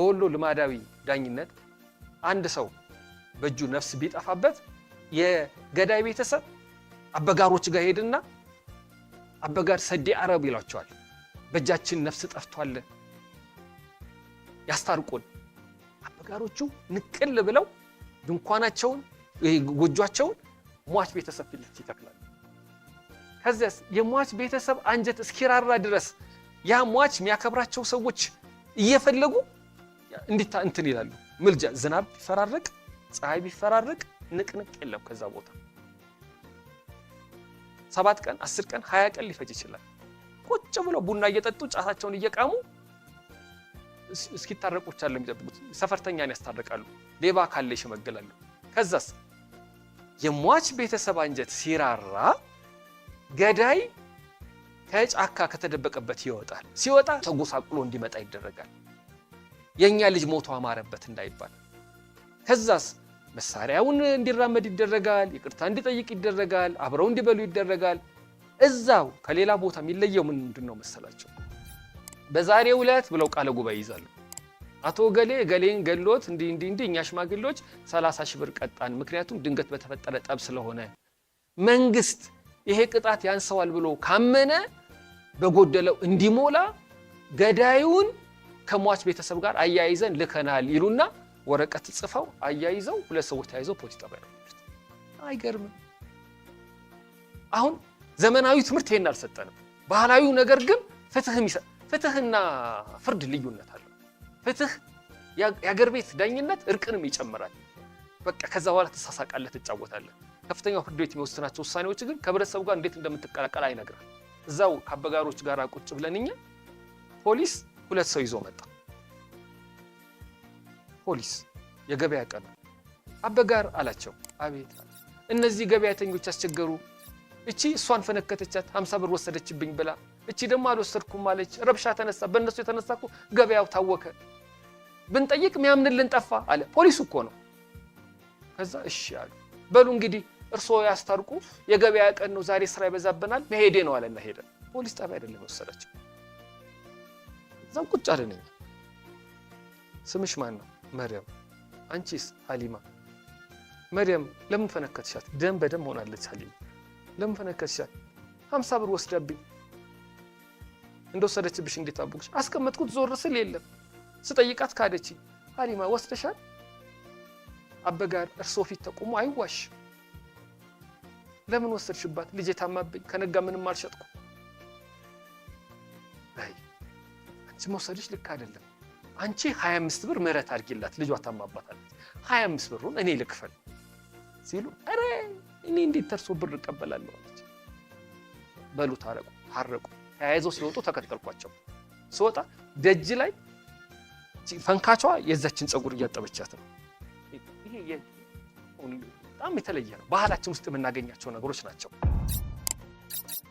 በወሎ ልማዳዊ ዳኝነት አንድ ሰው በእጁ ነፍስ ቢጠፋበት የገዳይ ቤተሰብ አበጋሮች ጋር ሄድና አበጋር ሰዴ አረብ ይሏቸዋል። በእጃችን ነፍስ ጠፍቷል ያስታርቁን። አበጋሮቹ ንቅል ብለው ድንኳናቸውን ጎጇቸውን ሟች ቤተሰብ ፊት ይተክላል። ከዚያስ የሟች ቤተሰብ አንጀት እስኪራራ ድረስ ያ ሟች የሚያከብራቸው ሰዎች እየፈለጉ እንዲታ እንትን ይላሉ። ምልጃ ዝናብ ቢፈራረቅ ፀሐይ ቢፈራረቅ ንቅንቅ የለም ከዛ ቦታ ሰባት ቀን አስር ቀን ሀያ ቀን ሊፈጅ ይችላል። ቁጭ ብለው ቡና እየጠጡ ጫታቸውን እየቃሙ እስኪታረቁ ብቻ የሚጠብቁት። ሰፈርተኛን ያስታርቃሉ፣ ሌባ ካለ ይሸመግላሉ። ከዛስ የሟች ቤተሰብ አንጀት ሲራራ ገዳይ ከጫካ ከተደበቀበት ይወጣል። ሲወጣ ተጎሳቁሎ እንዲመጣ ይደረጋል። የእኛ ልጅ ሞቶ አማረበት እንዳይባል። ከዛስ መሳሪያውን እንዲራመድ ይደረጋል፣ ይቅርታ እንዲጠይቅ ይደረጋል፣ አብረው እንዲበሉ ይደረጋል። እዛው ከሌላ ቦታ የሚለየው ምን ምንድን ነው መሰላቸው? በዛሬው ዕለት ብለው ቃለ ጉባኤ ይዛሉ። አቶ ገሌ ገሌን ገሎት እንዲህ እንዲህ እንዲህ እኛ ሽማግሌዎች 30 ሺህ ብር ቀጣን፣ ምክንያቱም ድንገት በተፈጠረ ጠብ ስለሆነ። መንግስት ይሄ ቅጣት ያንሰዋል ብሎ ካመነ በጎደለው እንዲሞላ ገዳዩን ከሟች ቤተሰብ ጋር አያይዘን ልከናል ይሉና ወረቀት ጽፈው አያይዘው ሁለት ሰዎች ተያይዘው ፖሊስ ጣቢያ አይገርምም? አሁን ዘመናዊ ትምህርት ይሄን አልሰጠንም። ባህላዊው ነገር ግን ፍትህ ይሰጥ ፍትህና ፍርድ ልዩነት አለው። ፍትህ የአገር ቤት ዳኝነት እርቅንም ይጨምራል። በቃ ከዛ በኋላ ትሳሳቃለህ፣ ትጫወታለህ። ከፍተኛው ፍርድ ቤት የሚወስናቸው ውሳኔዎች ግን ከህብረተሰቡ ጋር እንዴት እንደምትቀላቀል አይነግራል። እዛው ከአበጋሮች ጋር ቁጭ ብለን እኛ ፖሊስ ሁለት ሰው ይዞ መጣ። ፖሊስ የገበያ ቀን አበጋር አላቸው። አቤት። እነዚህ ገበያተኞች አስቸገሩ። እቺ እሷን ፈነከተቻት፣ ሀምሳ ብር ወሰደችብኝ ብላ እቺ ደግሞ አልወሰድኩም አለች። ረብሻ ተነሳ። በእነሱ የተነሳ እኮ ገበያው ታወከ። ብንጠይቅ ሚያምንልን ጠፋ አለ። ፖሊሱ እኮ ነው። ከዛ እሺ አሉ። በሉ እንግዲህ እርስዎ ያስታርቁ፣ የገበያ ቀን ነው ዛሬ፣ ስራ ይበዛብናል፣ መሄዴ ነው አለና ሄደ። ፖሊስ ጣቢያ አይደለም የወሰዳቸው እዛም ቁጭ አለነኛ። ስምሽ ማን ነው? መርያም። አንቺስ? ሀሊማ። መርያም ለምን ፈነከትሻት? ደም በደም ሆናለች። ሀሊማ ለምን ፈነከትሻት? ሀምሳ ብር ወስዳብኝ እንደወሰደችብሽ እንዴት አቦቅሽ? አስቀመጥኩት ዞር ስል የለም። ስጠይቃት ካደች። ሀሊማ ወስደሻል? አበጋር እርሶ ፊት ተቆሞ አይዋሽ። ለምን ወሰድሽባት? ልጄ ታማብኝ፣ ከነጋ ምንም አይ መውሰድሽ ልክ አይደለም። አንቺ 25 ብር ምህረት አድርጊላት ልጇ ታማባታለች። 25 ብሩን እኔ ልክፈል ሲሉ ኧረ እኔ እንዴት ተርሶ ብር እቀበላለሁ አለች። በሉ ታረቁ ታረቁ። ተያይዘው ሲወጡ ተከተልኳቸው። ስወጣ ደጅ ላይ ፈንካቿ የዛችን ፀጉር እያጠበቻት ነው። ይሄ በጣም የተለየ ነው። ባህላችን ውስጥ የምናገኛቸው ነገሮች ናቸው።